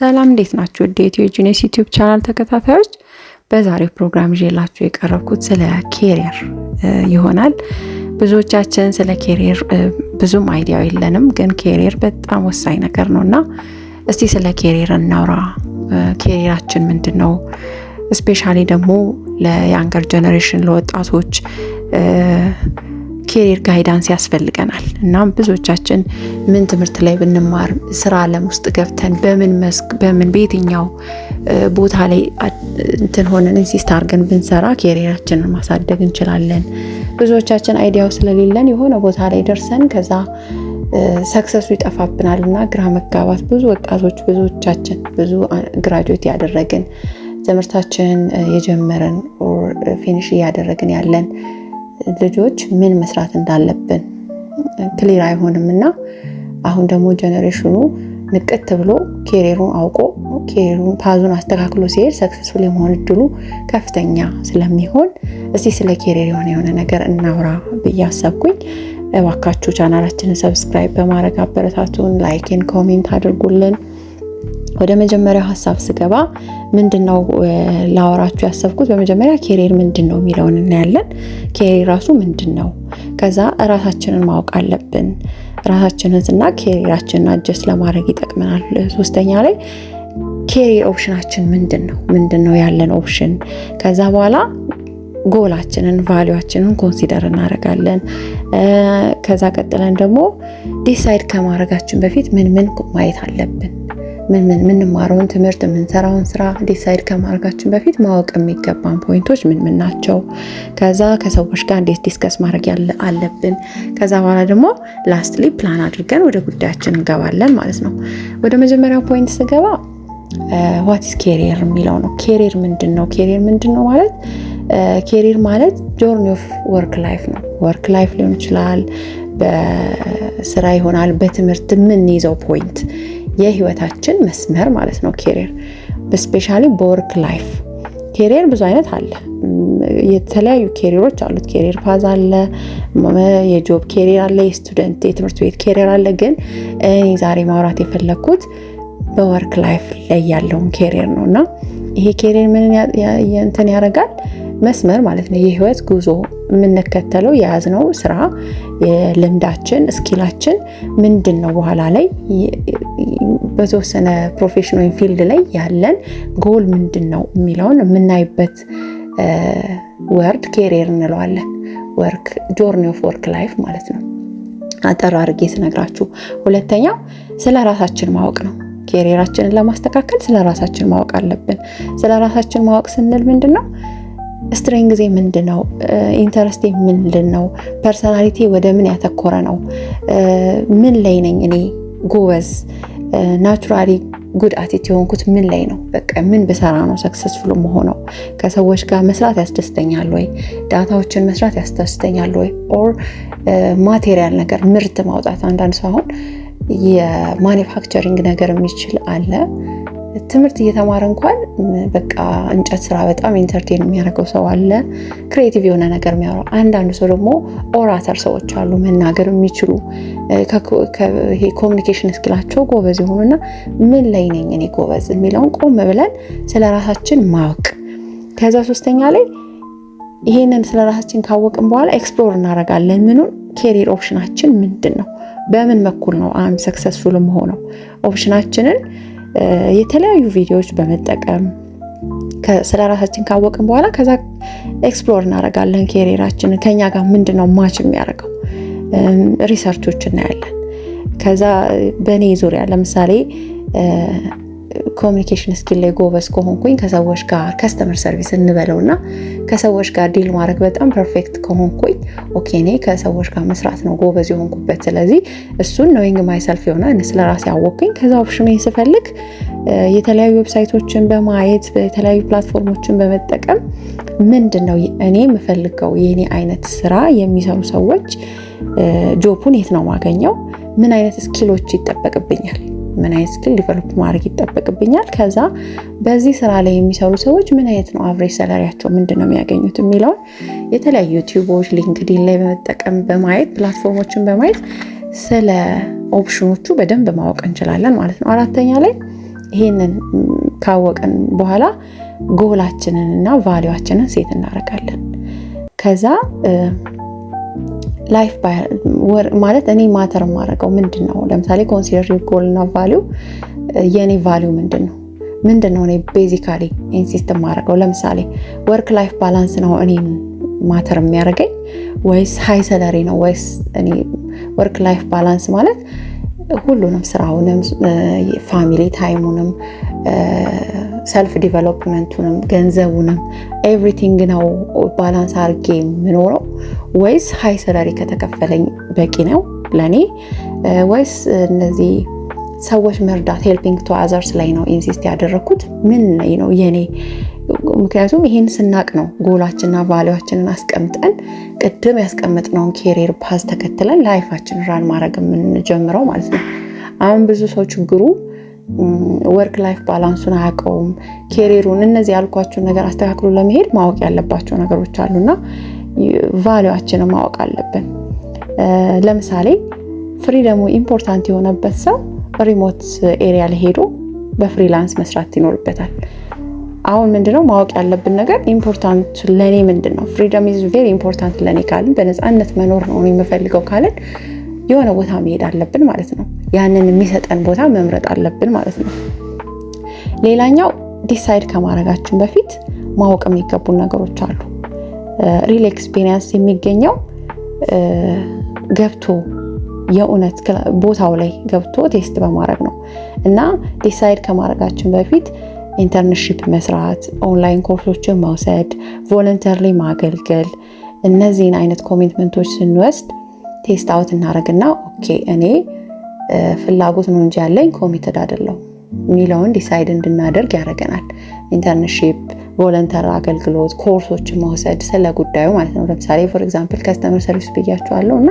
ሰላም እንዴት ናችሁ? ወደ ኢትዮ ጂኔስ ዩቲዩብ ቻናል ተከታታዮች በዛሬው ፕሮግራም ይዤላችሁ የቀረብኩት ስለ ኬሪየር ይሆናል። ብዙዎቻችን ስለ ኬሪየር ብዙም አይዲያ የለንም፣ ግን ኬሪየር በጣም ወሳኝ ነገር ነው እና እስቲ ስለ ኬሪየር እናውራ። ኬሪየራችን ምንድን ነው? ስፔሻሊ ደግሞ ለያንገር ጀኔሬሽን ለወጣቶች ኬሪር ጋይዳንስ ያስፈልገናል። እናም ብዙዎቻችን ምን ትምህርት ላይ ብንማር ስራ አለም ውስጥ ገብተን በምን መስክ በምን በየትኛው ቦታ ላይ እንትን ሆነን ኢንሲስት አድርገን ብንሰራ ኬሪራችንን ማሳደግ እንችላለን። ብዙዎቻችን አይዲያው ስለሌለን የሆነ ቦታ ላይ ደርሰን ከዛ ሰክሰሱ ይጠፋብናል እና ግራ መጋባት ብዙ ወጣቶች ብዙዎቻችን ብዙ ግራጁዌት ያደረግን ትምህርታችንን የጀመረን ፊኒሽ እያደረግን ያለን ልጆች ምን መስራት እንዳለብን ክሊር አይሆንም እና አሁን ደግሞ ጀኔሬሽኑ ንቅት ብሎ ኬሪሩን አውቆ ኬሪሩን ፓዙን አስተካክሎ ሲሄድ ሰክሰስፉል የመሆን እድሉ ከፍተኛ ስለሚሆን እስቲ ስለ ኬሪር የሆነ የሆነ ነገር እናውራ ብዬ አሰብኩኝ። እባካችሁ ቻናላችንን ሰብስክራይብ በማድረግ አበረታቱን። ላይክን ኮሜንት አድርጉልን። ወደ መጀመሪያው ሀሳብ ስገባ ምንድነው ላወራችሁ ያሰብኩት፣ በመጀመሪያ ኬሪር ምንድን ነው የሚለውን እናያለን። ኬሪር ራሱ ምንድን ነው? ከዛ ራሳችንን ማወቅ አለብን። ራሳችንን ስና ኬሪራችንን አጀስት ለማድረግ ይጠቅመናል። ሶስተኛ ላይ ኬሪር ኦፕሽናችን ምንድን ነው? ምንድን ነው ያለን ኦፕሽን? ከዛ በኋላ ጎላችንን ቫሊዋችንን ኮንሲደር እናደርጋለን። ከዛ ቀጥለን ደግሞ ዲሳይድ ከማድረጋችን በፊት ምን ምን ማየት አለብን ምን ምን የምንማረውን ትምህርት የምንሰራውን ስራ ዲሳይድ ከማድረጋችን በፊት ማወቅ የሚገባን ፖይንቶች ምን ምን ናቸው፣ ከዛ ከሰዎች ጋር እንዴት ዲስከስ ማድረግ አለብን፣ ከዛ በኋላ ደግሞ ላስትሊ ፕላን አድርገን ወደ ጉዳያችን እንገባለን ማለት ነው። ወደ መጀመሪያው ፖይንት ስገባ ዋትስ ኬሪየር የሚለው ነው። ኬሪየር ምንድን ነው? ኬሪየር ምንድን ነው ማለት ኬሪየር ማለት ጆርኒ ኦፍ ወርክ ላይፍ ነው። ወርክ ላይፍ ሊሆን ይችላል፣ በስራ ይሆናል፣ በትምህርት የምንይዘው ፖይንት የህይወታችን መስመር ማለት ነው ኬሪየር በስፔሻሊ በወርክ ላይፍ ኬሪየር ብዙ አይነት አለ። የተለያዩ ኬሪሮች አሉት። ኬሪየር ፓዝ አለ፣ የጆብ ኬሪየር አለ፣ የስቱደንት የትምህርት ቤት ኬሪየር አለ። ግን እኔ ዛሬ ማውራት የፈለግኩት በወርክ ላይፍ ላይ ያለውን ኬሪየር ነው እና ይሄ ኬሪየር ምንን እንትን ያደርጋል መስመር ማለት ነው የህይወት ጉዞ የምንከተለው የያዝነው ስራ የልምዳችን ስኪላችን ምንድን ነው? በኋላ ላይ በተወሰነ ፕሮፌሽን ወይም ፊልድ ላይ ያለን ጎል ምንድን ነው የሚለውን የምናይበት ወርድ ኬሪየር እንለዋለን። ወርክ ጆርኒ ኦፍ ወርክ ላይፍ ማለት ነው። አጠር አድርጌ ስነግራችሁ፣ ሁለተኛው ስለ ራሳችን ማወቅ ነው። ኬሪየራችንን ለማስተካከል ስለ ራሳችን ማወቅ አለብን። ስለ ራሳችን ማወቅ ስንል ምንድን ነው? ስትሪንግ ጊዜ ምንድን ነው? ኢንተረስቴ ምንድን ነው? ፐርሰናሊቲ ወደ ምን ያተኮረ ነው? ምን ላይ ነኝ እኔ ጎበዝ? ናቹራሊ ጉድ አቲት የሆንኩት ምን ላይ ነው? በቃ ምን ብሰራ ነው ሰክሰስፉል መሆነው? ከሰዎች ጋር መስራት ያስደስተኛል ወይ? ዳታዎችን መስራት ያስደስተኛል ወይ? ኦር ማቴሪያል ነገር ምርት ማውጣት። አንዳንድ ሰው አሁን የማኒፋክቸሪንግ ነገር የሚችል አለ ትምህርት እየተማረ እንኳን በቃ እንጨት ስራ በጣም ኢንተርቴን የሚያደርገው ሰው አለ፣ ክሬቲቭ የሆነ ነገር የሚያወራው። አንዳንዱ ሰው ደግሞ ኦራተር ሰዎች አሉ፣ መናገር የሚችሉ ኮሚኒኬሽን እስኪላቸው ጎበዝ የሆኑና ምን ላይ ነኝ እኔ ጎበዝ የሚለውን ቆም ብለን ስለ ራሳችን ማወቅ። ከዛ ሶስተኛ ላይ ይህንን ስለ ራሳችን ካወቅን በኋላ ኤክስፕሎር እናደርጋለን። ምኑን ኬሪር ኦፕሽናችን ምንድን ነው? በምን በኩል ነው አም ሰክሰስፉል መሆነው ኦፕሽናችንን የተለያዩ ቪዲዮዎች በመጠቀም ስለ ራሳችን ካወቅን በኋላ ከዛ ኤክስፕሎር እናደርጋለን። ኬሪራችንን ከኛ ጋር ምንድን ነው ማች የሚያደርገው ሪሰርቾች እናያለን። ከዛ በእኔ ዙሪያ ለምሳሌ ኮሚኒኬሽን ስኪል ላይ ጎበዝ ከሆንኩኝ ከሰዎች ጋር ከስተመር ሰርቪስ እና ከሰዎች ጋር ዲል ማድረግ በጣም ፐርፌክት ከሆንኩኝ ኦኬ እኔ ከሰዎች ጋር መስራት ነው ጎበዝ የሆንኩበት። ስለዚህ እሱን ኖዊንግ ማይሰልፍ የሆነ ስለ ራሴ አወቅኩኝ። ከዛ ኦፕሽን ስፈልግ የተለያዩ ዌብሳይቶችን በማየት የተለያዩ ፕላትፎርሞችን በመጠቀም ምንድን ነው እኔ የምፈልገው የኔ አይነት ስራ የሚሰሩ ሰዎች ጆፑን የት ነው ማገኘው? ምን አይነት ስኪሎች ይጠበቅብኛል? ምን አይነት ስኪል ዲቨሎፕ ማድረግ ይጠበቅብኛል፣ ከዛ በዚህ ስራ ላይ የሚሰሩ ሰዎች ምን አይነት ነው አቨሬጅ ሰላሪያቸው ምንድን ነው የሚያገኙት የሚለውን የተለያዩ ዩቲዩቦች፣ ሊንክዲን ላይ በመጠቀም በማየት ፕላትፎርሞችን በማየት ስለ ኦፕሽኖቹ በደንብ ማወቅ እንችላለን ማለት ነው። አራተኛ ላይ ይህንን ካወቅን በኋላ ጎላችንን እና ቫሊዋችንን ሴት እናደርጋለን። ከዛ ላይፍ ማለት እኔ ማተር የማደርገው ምንድን ነው? ለምሳሌ ኮንሲደር ጎልና ቫሊው የእኔ ቫሊው ምንድን ነው? ምንድን ነው እኔ ቤዚካሊ ኢንሲስት የማደርገው? ለምሳሌ ወርክ ላይፍ ባላንስ ነው እኔ ማተር የሚያደርገኝ ወይስ ሀይ ሰለሪ ነው? ወይስ እኔ ወርክ ላይፍ ባላንስ ማለት ሁሉንም ስራውንም ፋሚሊ ታይሙንም ሰልፍ ዲቨሎፕመንቱንም ገንዘቡንም ኤቭሪቲንግ ነው ባላንስ አርጌ የምኖረው ወይስ ሀይ ሰለሪ ከተከፈለኝ በቂ ነው ለእኔ ወይስ እነዚህ ሰዎች መርዳት ሄልፒንግ ቱ አዘርስ ላይ ነው ኢንሲስት ያደረግኩት ምን ላይ ነው የኔ ምክንያቱም ይህን ስናቅ ነው ጎላችንና ቫሊዋችንን አስቀምጠን ቅድም ያስቀምጥነውን ኬሪር ፓዝ ተከትለን ላይፋችን ራን ማድረግ የምንጀምረው ማለት ነው አሁን ብዙ ሰው ችግሩ ወርክ ላይፍ ባላንሱን አያውቀውም፣ ኬሪሩን እነዚህ ያልኳቸውን ነገር አስተካክሎ ለመሄድ ማወቅ ያለባቸው ነገሮች አሉና ቫሊዋችንን ማወቅ አለብን። ለምሳሌ ፍሪደሙ ኢምፖርታንት የሆነበት ሰው ሪሞት ኤሪያ ሄዶ በፍሪላንስ መስራት ይኖርበታል። አሁን ምንድነው ማወቅ ያለብን ነገር ኢምፖርታንት ለእኔ ምንድን ነው? ፍሪደም ኢዝ ቬሪ ኢምፖርታንት ለእኔ ካልን በነፃነት መኖር ነው የምፈልገው ካልን የሆነ ቦታ መሄድ አለብን ማለት ነው። ያንን የሚሰጠን ቦታ መምረጥ አለብን ማለት ነው። ሌላኛው ዲሳይድ ከማድረጋችን በፊት ማወቅ የሚገቡ ነገሮች አሉ። ሪል ኤክስፔሪንስ የሚገኘው ገብቶ የእውነት ቦታው ላይ ገብቶ ቴስት በማድረግ ነው እና ዲሳይድ ከማድረጋችን በፊት ኢንተርንሽፕ መስራት፣ ኦንላይን ኮርሶችን መውሰድ፣ ቮለንተሪ ማገልገል እነዚህን አይነት ኮሚትመንቶች ስንወስድ ቴስት አውት እናደረግና ኦኬ እኔ ፍላጎት ነው እንጂ ያለኝ ኮሚትድ አይደለሁም የሚለውን ዲሳይድ እንድናደርግ ያደርገናል። ኢንተርንሺፕ፣ ቮለንተር አገልግሎት፣ ኮርሶችን መውሰድ ስለ ጉዳዩ ማለት ነው። ለምሳሌ ፎር ኤግዛምፕል ከስተመር ሰርቪስ ብያቸዋለሁ እና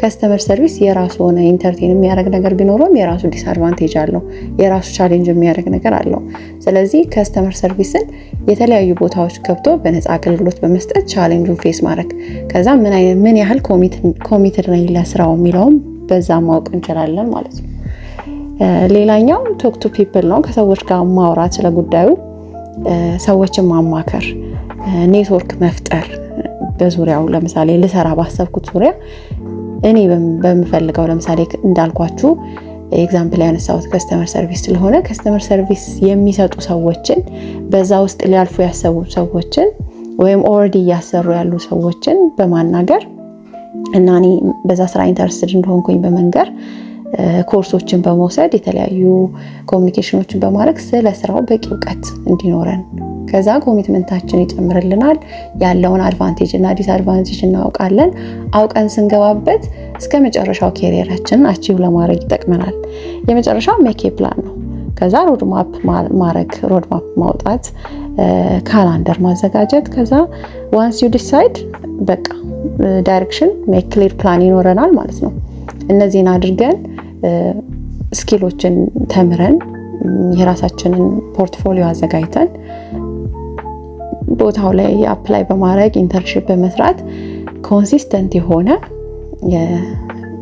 ከስተመር ሰርቪስ የራሱ ሆነ ኢንተርቴን የሚያደርግ ነገር ቢኖረውም የራሱ ዲስአድቫንቴጅ አለው፣ የራሱ ቻሌንጅ የሚያደርግ ነገር አለው። ስለዚህ ከስተመር ሰርቪስን የተለያዩ ቦታዎች ገብቶ በነፃ አገልግሎት በመስጠት ቻሌንጁን ፌስ ማድረግ ከዛ ምን ያህል ኮሚትድ ነኝ ለስራው የሚለውም በዛ ማወቅ እንችላለን ማለት ነው። ሌላኛው ቶክ ቱ ፒፕል ነው። ከሰዎች ጋር ማውራት ስለጉዳዩ ሰዎችን ማማከር፣ ኔትወርክ መፍጠር በዙሪያው ለምሳሌ ልሰራ ባሰብኩት ዙሪያ እኔ በምፈልገው ለምሳሌ እንዳልኳችሁ ኤግዛምፕል ያነሳሁት ከስተመር ሰርቪስ ስለሆነ ከስተመር ሰርቪስ የሚሰጡ ሰዎችን በዛ ውስጥ ሊያልፉ ያሰቡ ሰዎችን ወይም ኦልሬዲ እያሰሩ ያሉ ሰዎችን በማናገር እና እኔ በዛ ስራ ኢንተረስትድ እንደሆንኩኝ በመንገር ኮርሶችን በመውሰድ የተለያዩ ኮሚኒኬሽኖችን በማድረግ ስለ ስራው በቂ እውቀት እንዲኖረን ከዛ ኮሚትመንታችን ይጨምርልናል። ያለውን አድቫንቴጅ እና ዲስአድቫንቴጅ እናውቃለን። አውቀን ስንገባበት እስከ መጨረሻው ኬሪየራችንን አቺቭ ለማድረግ ይጠቅመናል። የመጨረሻው ሜኬ ፕላን ነው። ከዛ ሮድማፕ ማድረግ፣ ሮድማፕ ማውጣት፣ ካላንደር ማዘጋጀት። ከዛ ዋንስ ዩ ዲሳይድ በቃ ዳይሬክሽን ክሊር ፕላን ይኖረናል ማለት ነው። እነዚህን አድርገን ስኪሎችን ተምረን የራሳችንን ፖርትፎሊዮ አዘጋጅተን ቦታው ላይ አፕላይ በማድረግ ኢንተርንሽፕ በመስራት ኮንሲስተንት የሆነ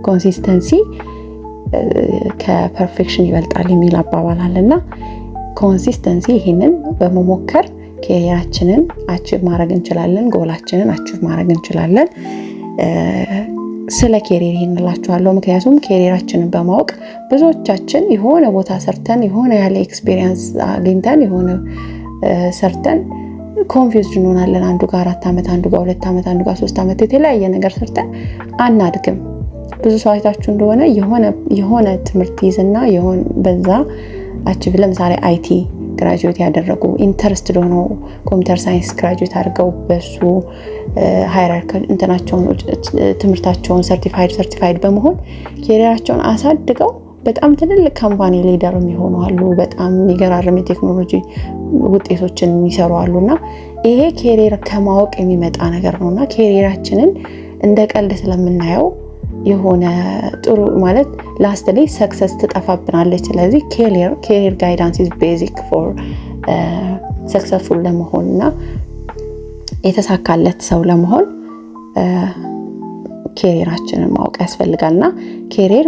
ኮንሲስተንሲ ከፐርፌክሽን ይበልጣል የሚል አባባል እና ኮንሲስተንሲ ይህንን በመሞከር ኬያችንን አቺቭ ማድረግ እንችላለን። ጎላችንን አቺቭ ማድረግ እንችላለን። ስለ ኬሪር ይህን ምክንያቱም ኬሪራችንን በማወቅ ብዙዎቻችን የሆነ ቦታ ሰርተን የሆነ ያለ ኤክስፔሪንስ አግኝተን የሆነ ሰርተን ኮንፊውዝድ እንሆናለን። አንዱ ጋር አራት ዓመት፣ አንዱ ጋር ሁለት ዓመት፣ አንዱ ጋር ሶስት ዓመት የተለያየ ነገር ሰርተን አናድግም። ብዙ ሰው አይታችሁ እንደሆነ የሆነ ትምህርት ይዝና በዛ አቺቭ ለምሳሌ አይቲ ግራጁዌት ያደረጉ ኢንተረስትድ ደሆነ ኮምፒውተር ሳይንስ ግራጁዌት አድርገው በሱ ሃይራርካል እንትናቸውን ትምህርታቸውን ሰርቲፋይድ ሰርቲፋይድ በመሆን ኬሪያቸውን አሳድገው በጣም ትልልቅ ካምፓኒ ሊደር የሚሆኑ አሉ። በጣም የሚገራርም የቴክኖሎጂ ውጤቶችን የሚሰሩ አሉ እና ይሄ ኬሪየር ከማወቅ የሚመጣ ነገር ነው እና ኬሪየራችንን እንደ ቀልድ ስለምናየው የሆነ ጥሩ ማለት ላስት ላይ ሰክሰስ ትጠፋብናለች። ስለዚህ ኬሪር ጋይዳንስ ኢዝ ቤዚክ ፎር ሰክሰስፉል ለመሆን እና የተሳካለት ሰው ለመሆን ኬሪራችንን uh, ማወቅ ያስፈልጋል እና ኬሪር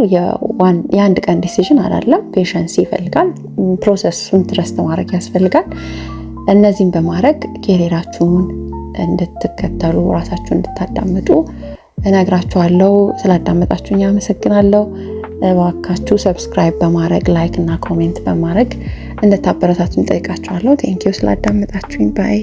የአንድ ቀን ዲሲዥን አይደለም፣ ፔሸንስ ይፈልጋል። ፕሮሰሱን ትረስት ማድረግ ያስፈልጋል። እነዚህም በማድረግ ኬሪራችሁን እንድትከተሉ ራሳችሁን እንድታዳምጡ እነግራችኋለሁ። ስላዳመጣችሁኝ አመሰግናለሁ። እባካችሁ ሰብስክራይብ በማድረግ ላይክ እና ኮሜንት በማድረግ እንድታበረታቱን ጠይቃችኋለሁ። ቴንኪው ስላዳመጣችሁኝ ባይ